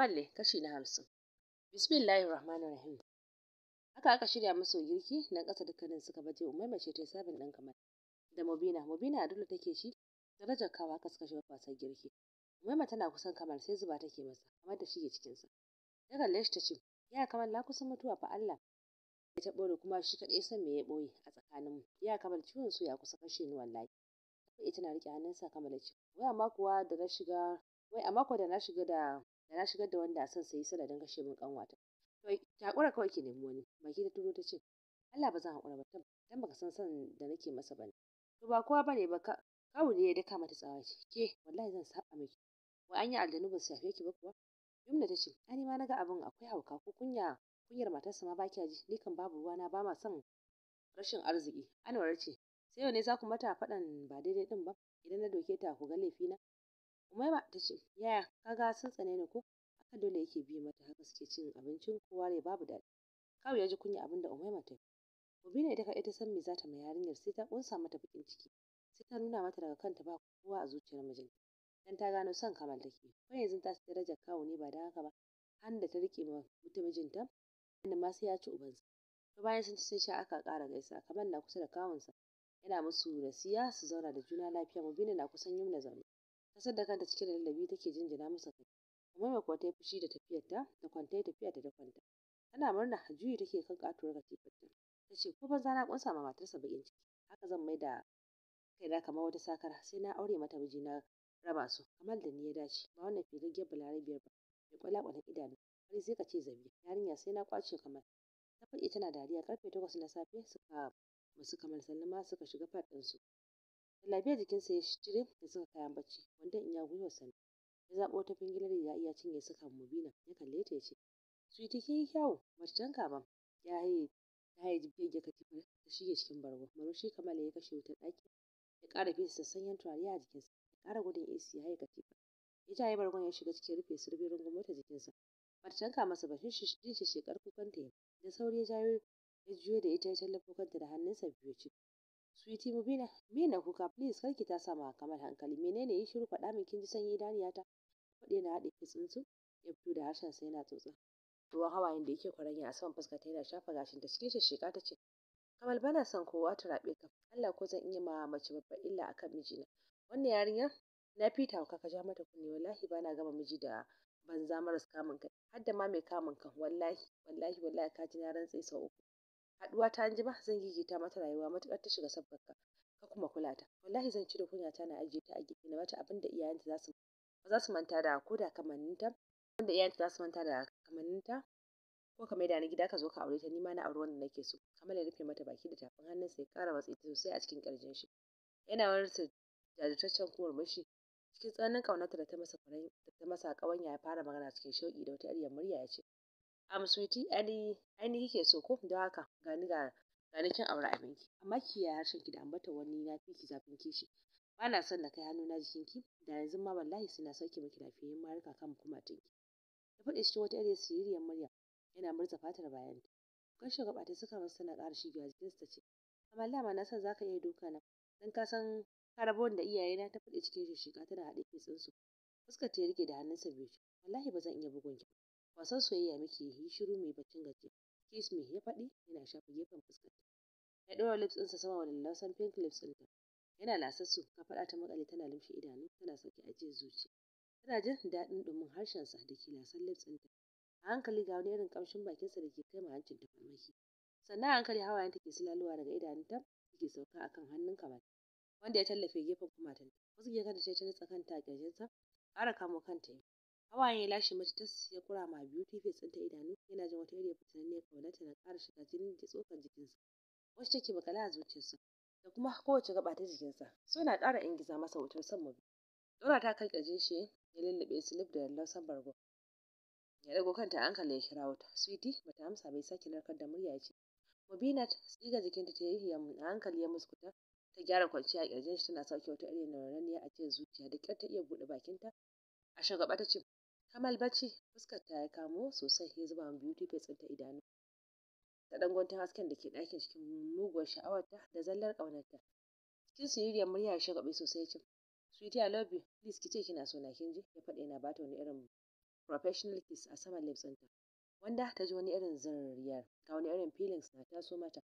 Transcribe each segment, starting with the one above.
Amalle kashi na hamsin. Bismillahir Rahmanir Rahim. Haka aka shirya musu girki na ƙasa dukkanin suka baje Umaima ce ta sabin ɗan kamar da Mubina. Mubina a dole take shi darajar kawa aka suka shiga kwasar girki. Umaima tana kusan kamar sai zuba take masa kamar da shige cikinsa. Ya kalle shi ta ce ya kamar na kusan mutuwa fa Allah ya taɓo ni kuma shi kaɗai san me ya ɓoye a tsakaninmu. Ya kamar ciwon su ya kusa kashe ni wallahi. Ita tana riƙe hannunsa kamar ce wai amma kuwa da na shiga wai amma kuwa da na shiga da da na shigar da wanda son sai sanadin kashe min kanwata to ki kawai ke nemi wani baki ta turo ta ce Allah ba zan hakura ba dan baka san san da nake masa bane to ba kowa bane ba ka kawu ne ya daka mata tsawa ce ke wallahi zan saba miki wai an yi aljanu ba su shafe ki ba kuwa Jumna ta ce ani ma naga abin akwai hauka ko kunya kunyar matarsa ma baki ji ni kan babu ruwana ba ma son rashin arziki Anwar ce sai yau ne za ku mata faɗan ba daidai din ba idan na doke ta ku ga na. Umaima ta ce, yaya ka ga sun tsane ni ko? Haka dole yake bi mata haka suke cin abincin kowa rai babu daɗi. Kawu ya ji kunya abin da Umaima ta yi. Gobe ita kaɗai ta san me za ta ma yarinyar sai ta ƙunsa mata baƙin ciki. Sai ta nuna mata daga kanta ba kowa a zuciyar mijinta. Dan ta gano son Kamal take. Ko yanzu ta ci darajar kawu ne ba da haka ba. Hannun da ta riƙe ma mutum mijinta, hannun ma sai ya ci ubansa. To bayan sun ci sun sha aka ƙara gaisa. kamar na kusa da kawunsa. Yana musu nasiya su zauna da juna lafiya. Mubina na kusan yumna zaune. ta da kanta cike da lallabi take jinjina masa kai mai kuwa ta yi fushi da tafiyarta da kwanta ya tafiya ta da kwanta tana murna juyi take kan katuwar katifarta ta ce ko banza na kunsa ma matarsa bakin ciki haka zan mai da kaina kamar wata sakara sai na aure mata miji na raba su kamar da ni ya dace ba wannan figaggiyar balarabiyar ba mai kwalakwalan idanu har sai ka ce zabi yarinya sai na kwace kamar ta faɗi tana dariya karfe takwas na safe suka masu kamar sallama suka shiga fat su da lafiyar jikinsa ya cire ya saka kayan bacci wandon iya gwiwar sa ya zaɓo wata fingilar ya iya cinye su kan mubina ya kalle ta ya ce sweetie kin yi kyau mace tanka ba ya haye ta haye ya katifar ta shige cikin bargo murmushi kamal ya kashe wutar ɗaki ya ƙara fesa yan turare a jikinsa ya ƙara gudun AC ya haye katifar ya jaye bargon ya shiga cikin rufe sirbi rungumo ta jikinsa can tanka masa ba shi shekar kukan ya da sauri ya jawo ya juyo da ita ya tallafo kanta da hannunsa biyu ya ce Sweety Mubina, me na kuka please kar ki tasa ma Kamal hankali. Menene yi shiru faɗa min kin ji sanyi ta. ta na haɗe fitsinsu ya fito da harshen sa yana tsotsa. Ruwan hawayen da yake kwaranya a saman fuska ta yana shafa gashin ta cikin shishshika ta ce Kamal bana son kowa ta raɓe ka. Allah ko zan iya ma mace babba illa akan mijina. Wannan yarinya na fita ka ka ja mata kunne wallahi bana gama miji da banza maras kamun kai. Har da ma mai kamun kan wallahi wallahi wallahi ka ji na rantse sau uku. haɗuwa ta anjima zan gigita mata rayuwa matuƙar ta shiga sabgarka ka kuma kula ta wallahi zan cire kunya ta na ajiye ta a gefe na mata abinda iyayenta za su ba za su manta da ko da kamanninta wanda iyayenta za su manta da kamanninta ko kamar yadda ni gida ka zo ka aure ta ni ma na aure wanda nake so kamar ya rufe mata baki da tafin hannunsa ya kara matsi ta sosai a cikin ƙirjin shi yana warsa jajirtaccen mashi. cikin tsananin ƙaunarta da ta masa da ta masa ƙawanya ya fara magana cikin shauƙi da wata 'yar murya ya ce am um, sweetie ani ainihi ke so ko da haka ga ni ga ni kin aure abinki amma ki ya harshen ki da ambata wani na fi ki zafin kishi ba na son na kai hannu jikin jikinki da yanzu ma wallahi suna sauke miki lafiyayyen marika kan ki ya faɗi cikin wata irin siririyar murya yana murza fatar bayanta kan shugaba ta suka masa na ƙara shigewa ta ce amma lama na san zaka iya doka na dan ka san karabon da iyayena ta faɗi cikin shishika tana kitsin su fuskar ta ya rike da hannunsa biyu wallahi ba zan iya bugun ki wasan soyayya muke yi shiru mai bakin gaje kiss me ya faɗi yana shafa gefen fuskarta ya ɗora lips ɗinsa sama wa lallausan pink lips ɗinta yana lasassu ka faɗa ta makale tana limshe idanu tana sauke jin zuciya tana jin daɗin ɗumin sa da ke lasar lips ɗinta a hankali ga wani irin ƙamshin bakinsa da ke kai ma hancin ta farmaki sannan a hankali hawayen ke sulalowa daga idanunta ke sauka a kan hannun kamar wanda ya tallafe gefen kumatanta wasu gefen da ta nutsa kanta a ƙirjinsa ƙara kamo kanta hawaye lashe mata ya kura ma beauty face ta idanu yana jin wata iriyar fitananniyar ƙaunarta na ƙara shiga jinin da tsokar jikinsa wacce take makala a zuciyarsa da kuma kowace gaba ta jikinsa so na ƙara ingiza masa wutar son mu Dora ta kai ƙirjin shi ya lullube slip da lallausan bargo ya dago kanta a hankali ya kira wata sweetie bata amsa bai sake narkar da murya ce mubinat tsiga jikinta ta yi a hankali ya muskuta ta gyara kwanciya a ƙirjin shi tana sauke wata irin nauranniya a cikin zuciya da ƙyar ta iya buɗe bakinta a shagaba ta Kamal bacci fuskar ta ya kamo sosai ya zuba ma beauty face tsinta idanu. Ta ɗan guntun hasken da ke ɗakin cikin muguwar sha'awarta da zallar ƙaunarta. Cikin siririyar murya ya shagwaɓe sosai ya ce, I love you. Please kina so na kin ji? Ya faɗi yana bata wani irin professional kiss a saman lips ɗinta. Wanda ta ji wani irin zarriyar ga wani irin feelings na taso mata.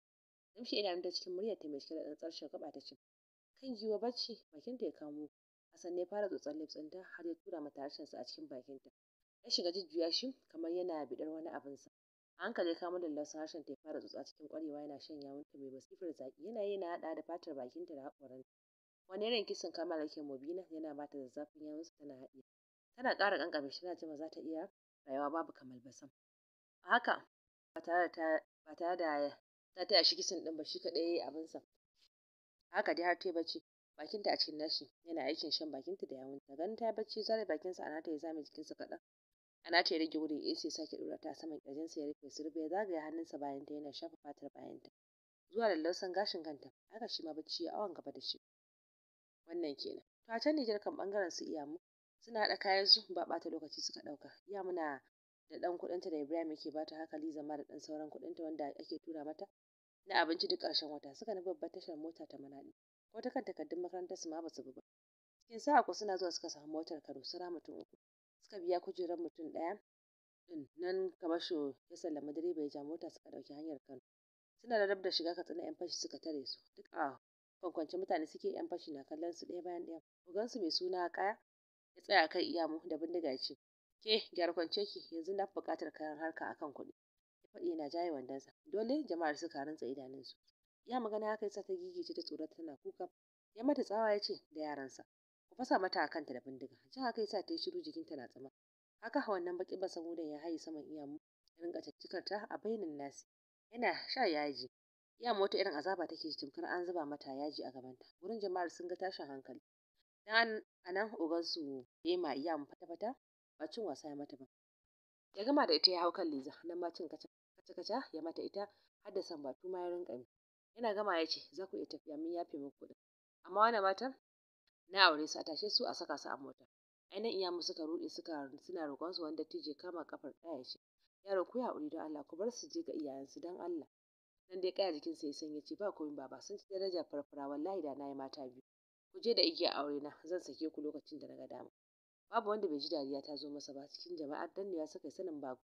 idanun ta cikin muryar ta mai cike da tsantsar shagwaɓa ta ce, Kan giwa bacci bakinta ya kamo Hassan ne fara tsotsar lips har ya tura mata harshensa a cikin bakinta. Ya shiga jujjuya shi kamar yana biɗar wani abinsa. A hankali kamo lallausan harshen ta ya fara tsotsa cikin ƙwarewa yana shan yawanta mai masifar zaƙi yana yi yana haɗa da fatar bakinta da haƙoranta. Wani irin kisan kamar yake Mobina yana bata zazzafin su tana haɗiya. Tana ƙara ƙanƙame shi tana jima za ta iya rayuwa babu kamar basam. A haka ba tare da ba tare da ta taya shi kisan ɗin ba shi kaɗai ya yi abinsa. Haka dai har ta yi bacci. bakinta a cikin nashi yana aikin shan bakin ta da yawun ta ganin ta bacci zare bakinsa a anata ya zame jikinsa kaɗan kadan anata ya rage wurin AC sake dora ta saman ƙirjinsa ya rufe su surbe ya zagaya hannunsa bayan ta yana shafa fatar bayan ta zuwa lallausan gashin kanta haka shi ma bacci ya awon gaba da shi wannan kenan to a can Nijar kan bangaren su iyamu suna haɗa kayan su ba bata lokaci suka ɗauka iya muna da ɗan kuɗinta da Ibrahim yake bata haka Liza ma da dan sauran kuɗinta wanda ake tura mata na abinci duk karshen wata suka na babbar tashar mota ta manaɗi ko ta kan takardun makarantar su ma ba su buga. ba cikin sa'a ko suna zuwa suka samu motar karo sura mutum uku suka biya kujerar mutum ɗaya din nan kamasho ya sallama direba ya ja mota suka ɗauki hanyar kano suna da rabda da shiga katsina yan fashi suka tare su duk a kwankwance mutane suke yan fashi na kallon su daya bayan ɗaya su mai suna kaya ya tsaya kan iyamu da bindiga ce ke gyara kwance ki yanzu na bukatar kayan harka akan kuɗi ya faɗi yana jaye wandansa dole jama'ar suka rantsa idanunsu Ya magana haka yasa ta gigice ta tsorata tana kuka ya mata tsawa ya ce da yaransa ku fasa mata a kanta da bindiga jin haka yasa ta yi shiru jikinta na tsama haka hawan nan baki ba saboda ya haye saman iyamu ya rinka ta a bainin nasi yana sha yaji Iya mota irin azaba take ji tamkar an zuba mata yaji a gabanta Wurin jama'ar sun ga tashin hankali dan a nan ogansu ya ma iyamu fata-fata ba cin wasa ya mata ba ya gama da ita ya hau kan liza nan ma cin kaca kaca ya mata ita har da san ma ya rinka yana gama ya ce za ku iya tafiya mun yafe muku kuɗin amma wannan matar na aure su a tashe su a saka su a mota ainihin musu suka ruɗe suka suna roƙon su wanda tije kama kafar ɗaya ya ce yaro ku haƙuri don Allah ku bar su je ga iyayensu don Allah nan dai kaya jikinsa ya sanya ce ba komai baba sun ci daraja farfara wallahi da yi mata biyu ku je da igiya aure na zan sake ku lokacin da na ga dama babu wanda bai ji dariya ta zo masa ba cikin jama'a danniya suka yi sanin ba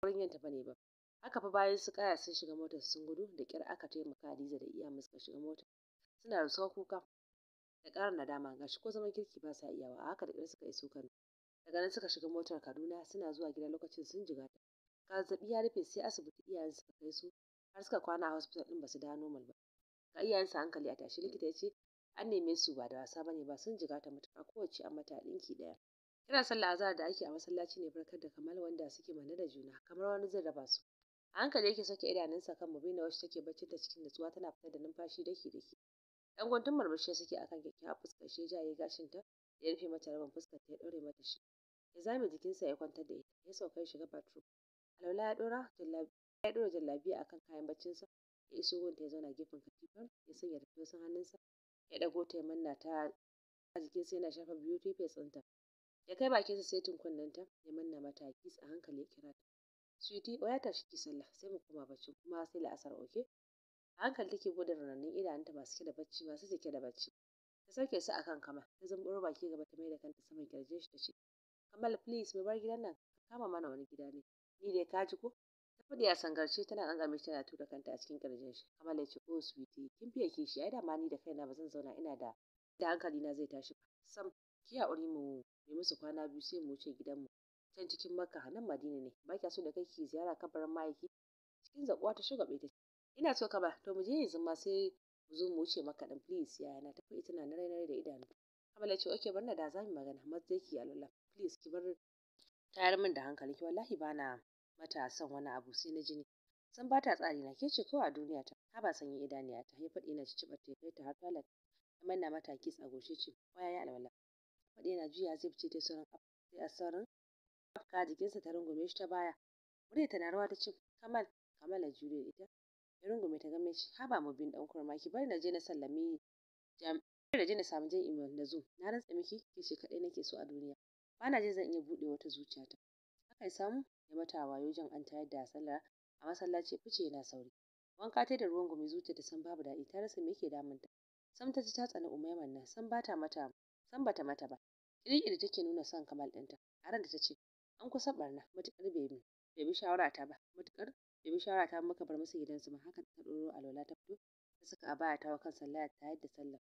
wurin yanta ne ba Haka fa bayan su kaya sun shiga motar sun gudu da ƙyar aka taimaka Hadiza da Iyam suka shiga motar. Suna da suka kuka da ƙara nadama gashi ko zaman kirki ba sa iyawa a haka da ƙyar suka iso Kano. Daga nan suka shiga motar Kaduna suna zuwa gida lokacin sun jiga ta. Kazzabi ya rufe sai asibiti iyayen suka kai su har suka kwana a hospital din su dawo normal ba. Ga iyayensa hankali a tashi likita ya ce an neme su ba da wasa bane ba sun jiga ta mutuka kowace a mata ɗinki ɗaya. Kira sallah azhar da ake a masallaci ne farkar da kamal wanda suke manne da juna kamar wani zai raba su. A hankali yake sake idanunsa kan Mubina wacce take bacci ta cikin nutsuwa tana fitar da numfashi daki daki. Ɗan guntun marmashi suke akan akan a fuskar shi ya jaye gashin ta da ya rufe mata rabin fuskar ta ya dore mata shi. Ya zame jikinsa ya kwantar da ita ya sauka ya shiga bathroom. alaula ya dora jallabi ya ɗora jallabiya akan kayan sa ya iso gunta ya zauna gefen katifar ya sanya hannun hannunsa ya dago ta ya manna ta a jikinsa yana shafa beauty face ɗinta. Ya kai bakinsa setin kunnenta ya manna mata kis a hankali ya kira ta. Sweety, oya tashi ki sallah sai mu koma bacci kuma sai la'asar oke. A hankali take bude rannanin idanunta masu cike da bacci masu cike da bacci. Ta sauke su akan kama, ta zumburo baki gaba ta maida kanta saman kirjin shi ta ce, Kamal please mu bar gidan nan ka kama mana wani gida ne. Ni dai ka ji ko? Ta faɗi a sangarce tana ƙanƙame shi tana tura kanta a cikin kirjin shi. Kamal ya ce, "Oh sweety, kin fiye kishi, ai da ma ni da kaina ba zan zauna ina da da hankali na zai tashi ba." Sam, ki haƙuri mu yi musu kwana biyu sai mu wuce gidanmu can cikin makka nan madina ne ba kya so da kai ki ziyara kabarin ma'aiki cikin zakuwa ta shugabe ta ina so ka ba to mu je yanzu ma sai mu zo mu wuce maka din please yaya na tafi ita na nare da idanu kamala ce okay na da zamu magana amma zai ki alalla please ki bar tayar min da hankali ki wallahi bana mata son wani abu sai na jini san ba ta tsari na ke ce ko a duniya ta Ta ba idanu idaniya ta ya faɗi na ciciɓar ta kai ta har toilet ta manna mata kis a goshe ce waya ya alwala faɗi yana juya zai fice ta sauran sai a sauran jikin jikinsa ta rungume shi ta baya Muryarta ta rawa ta ce kamal Kamal kamala jure ita ya rungume ta game shi haba mu bin dan kurma ki bari na je na sallame jam da je na samu jan imel na zo na rantsa miki ke shi kadai nake so a duniya Ba na je zan iya buɗe wata zuciyata haka ya samu ya mata wayo jan an tayar da sallah a masallaci fice yana sauri wanka ta da ruwan gumi zuciya ta san babu daɗi ta rasa me yake damunta sam ta ji ta tsani umaiman nan san bata mata san bata mata ba kirkiri take nuna son kamal ɗinta a ran da ta ce an kusa barna matukar bai bi bai bi shawara ta ba matukar bai bi shawara ta muka bar musu gidansu ba haka ta doro alwala ta fito ta saka abaya ta kan sallah ta yadda sallah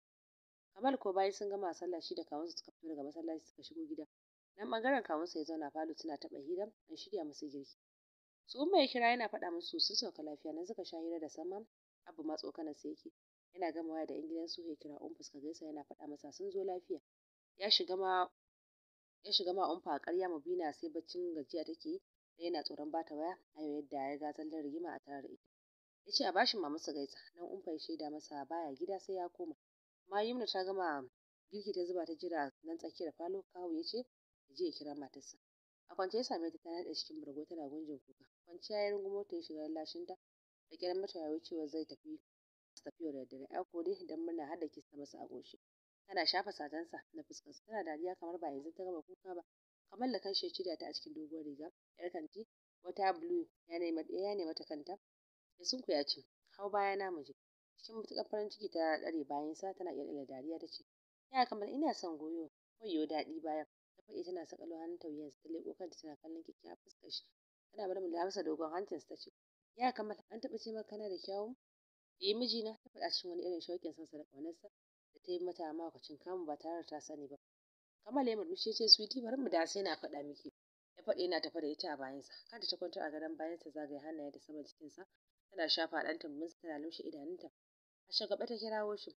kamal ko bayan sun gama sallah shi da kawunsu suka fito daga masallaci suka shigo gida nan bangaren kawunsa ya zauna falo suna taɓa hira an shirya musu girki su umma ya kira yana faɗa musu sun sauka lafiya nan suka sha hira da sama abu ma tsokanar sa yake yana gama waya da yan gidan su ya kira umma suka gaisa yana faɗa masa sun zo lafiya ya shiga ma ya shiga ma umfa ƙarya mu bina sai baccin gajiya take yi sai yana tsoron bata waya a yadda ya ga zallar rigima a tare da ya ce a bashin mamansa gaita nan umfa ya shaida masa baya gida sai ya koma amma yumna ta gama girki ta zuba ta jira nan tsakiyar falo kawu ya ce je ya kira matarsa a kwance ya same ta ta naɗe cikin burgo tana gunjin kuka kwanciya ya rungumo ta ya shiga ta da kiran mata ya wucewa zai tafi tafiyar da dare. ai ko dai idan muna hada kista masa a goshi tana shafa sajensa na fuskarsa tana dariya kamar ba yanzu ta gama kuka ba kamar da kan shi ta a cikin doguwar riga yar kanti wata blue ya ne mata kanta ya sunkuya ce hau baya na muje cikin mutukar farin ciki ta dare bayan sa tana kyalkyala dariya ta ce ya kamar ina son goyo yo daɗi bayan ta faɗi tana sakalo hannun tauyen ta leƙo kanta tana kallon a fuskar shi tana bar masa dogon hancinsa ta ce ya kamar an taɓa ce maka kana da kyawu eh na ta faɗa cikin wani irin shaukin sansa da ƙaunarsa ta yi mata mahaukacin kamun ba tare da ta sani ba kamal ya murmushi ce sweetie bari mu da sai na faɗa miki ya faɗi yana tafa da ita a bayansa kanta ta kwanta a gadon bayansa zagaye hannaye da saman jikinsa tana shafa ɗan tumbinsa tana lushe idanunta a shagaba ta kirawo shi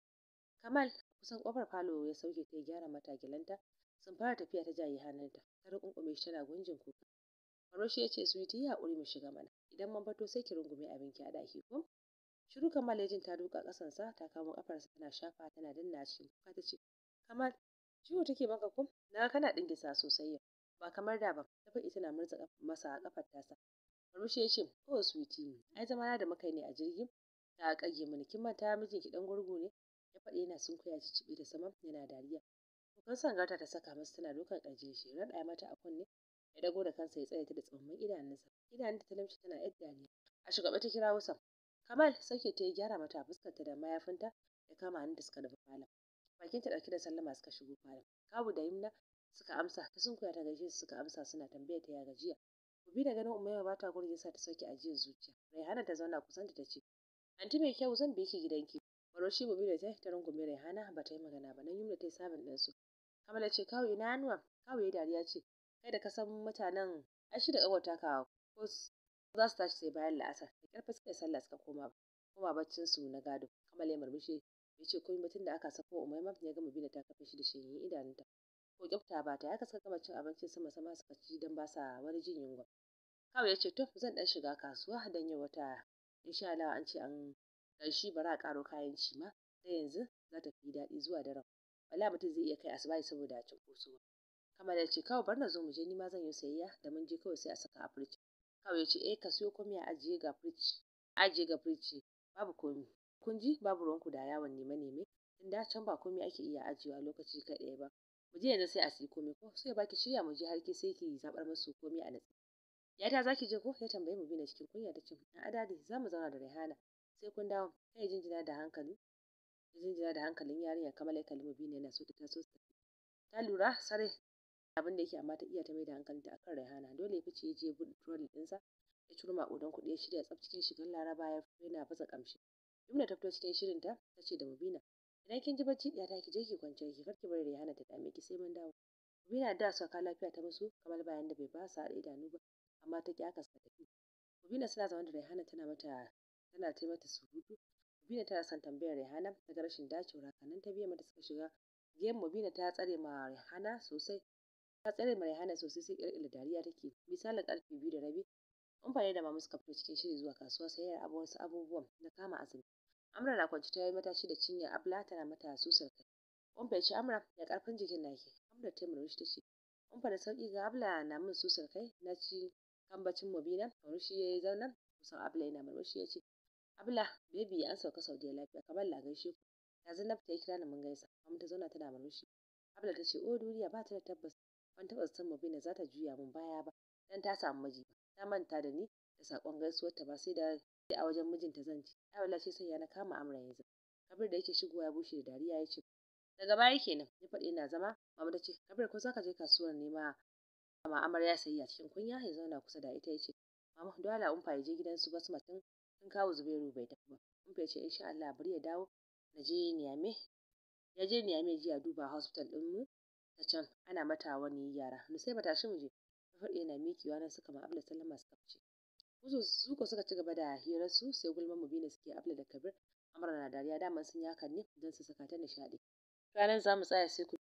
kamal kusan ƙofar falo ya sauke ta gyara mata gilanta sun fara tafiya ta jaye hannunta ta rukunkume shi tana gunjin kuka Faroshi ya ce sweetie ya haƙuri mu shiga mana idan mun fito sai ki rungume abinki a ɗaki ko Shiru Kamal ya ta duka kasansa ta kamo ƙafarsa tana shafa tana danna shi. kuka ta ce Kamal ciwo take maka kum na kana dingisa sosai yau ba kamar da ba ta faɗi tana murza masa ƙafar tasa Marushi ya ce oh sweetie ai zama na da muka ne a jirgin ta kage mini kin manta mijinki dan gurgu ne ya faɗi yana sunkuya cibi da saman yana dariya kukan sangarta ta saka masa tana dukan kaje shi raɗa mata a kunne ya dago da kansa ya tsaya ta da tsammin idanunsa idanunta ta lamshe tana yar ne a shugaba ta kira wusa Kamal sauke ta yi gyara mata fuskarta da mayafinta da kama hannun da suka nufi Bakin Bakinta ɗauke da sallama suka shigo falon. Kawu da Yumna suka amsa ta sunkuya ta gaishe su suka amsa suna tambayar ta ya gajiya. Gobe da ganin Umayya ba ta gurin sa ta sauke ajiyar zuciya. Raihana ta zauna kusan ta ce Anti mai kyau zan bi ki gidanki. Baroshi gobe da ta ta rungume Raihana ba ta yi magana ba nan Yumna ta yi sabon su Kamala ce kawu ina hannuwa kawu ya dariya ce kai da ka san mutanen ai shi da ƙawar ta kawo." za su tashi sai bayan la'asar da ƙarfi suka yi sallah suka koma koma baccin su na gado kamal ya murmushi ya ce komai batun da aka sako umaima ya gama da ta kafe shi da shanyen idanunta ko kyauta ba ta haka suka gama cin abincin sama sama suka ci don ba sa wani jin yunwa kawai ya ce to zan dan shiga kasuwa don yin wata insha Allah an ce an shi bara a ƙaro kayan ci ma da yanzu za ta fi daɗi zuwa daren wala mutum zai iya kai asibahi saboda cin koso kamar ya ce kawai bar na zo mu je ni ma zan yi sayayya da mun je kawai sai a saka a firij kawai ce eh ka siyo komai a ajiye ga firci ajiye ga firci babu komai kun ji babu ku da yawon neme neme in da can ba komai ake iya ajiyewa lokaci kaɗai ba mu je yanzu sai a siyi komai ko sai baki shirya mu je harki sai ki zabar musu komai a nan ya ta zaki je ko ya tambaye mu bina cikin kunya ta ce Na adadi. za mu zauna da Rehana sai kun dawo kai jinjina da hankali jinjina da hankalin yarinya kamar ya kalli mu bina yana so ta taso ta lura sare abin da yake amma ta iya ta mai da hankalinta akan Raihana dole ya fice ya je butrol ɗinsa ya ciro maƙudan kuɗi ya shirya tsaf cikin shigar Laraba ya fito yana baza kamshi Jumna ta fito cikin shirin ta ta ce da Mubina idan kin ji bacci ɗiyata ki je ki kwance ki karki bari Raihana ta dame ki sai mun dawo Mubina da su ka lafiya ta musu kamar bayan da bai ba su idanu ba amma ta ki aka suka tafi Mubina suna zaune da Raihana tana mata tana ta mata surutu Mubina tana son tambayar Raihana ta rashin dacewa kanan ta biya mata suka shiga Giyan Mubina ta tsare ma Rihanna sosai ta tsare sosai sai ƙirƙirar dariya take misalin ƙarfe biyu da rabi Umfani da mamu suka fito cikin shiri zuwa kasuwa abu wasu abubuwan na kama azumi Amra na kwance ta yi matashi da cinya Abla tana mata susar kai Umfa ce Amra da karfin jikin naki Amra ta murmushi ta ce Umfa da sauki ga Abla na min susar kai na ci kambacin nan, murmushi ya yi zauna kusan Abla yana murmushi ya ce Abla baby an sauka sau Saudiya lafiya kamar la gaishe ku yanzu na fita kira ni mun gaisa amma ta zauna tana murmushi Abla ta ce o oh, duniya ba ta da tabbas ban taɓa mu Mubina za ta juya min baya ba dan ta samu miji ta manta da ni da sakon gaisuwar ta ba sai da sai a wajen mijinta zan ci ai wallahi sai ya na kama amra yanzu kabir da yake shigowa ya bushe da dariya ya ce daga baya kenan ya faɗi yana zama mama ta ce kabir ko zaka je kasuwar nema ma amarya a cikin kunya ya zauna kusa da ita ya ce mama dole umfa ya je gidan su basma tun kawo zubairu bai tafi ba umfa ya ce insha Allah bari ya dawo na je ya je niyame jiya duba hospital din mu ta can ana mata wani yara sai mu shi muje farfaɗe yana mikiwa nan suka ma'abla sallama suka fice su suka suka ci gaba da hirar su sai gulman bine suke abla da kabir amara na dariya daman sun yi hakan ne don su saka ta nishaɗi ranar za mu tsaya sai ku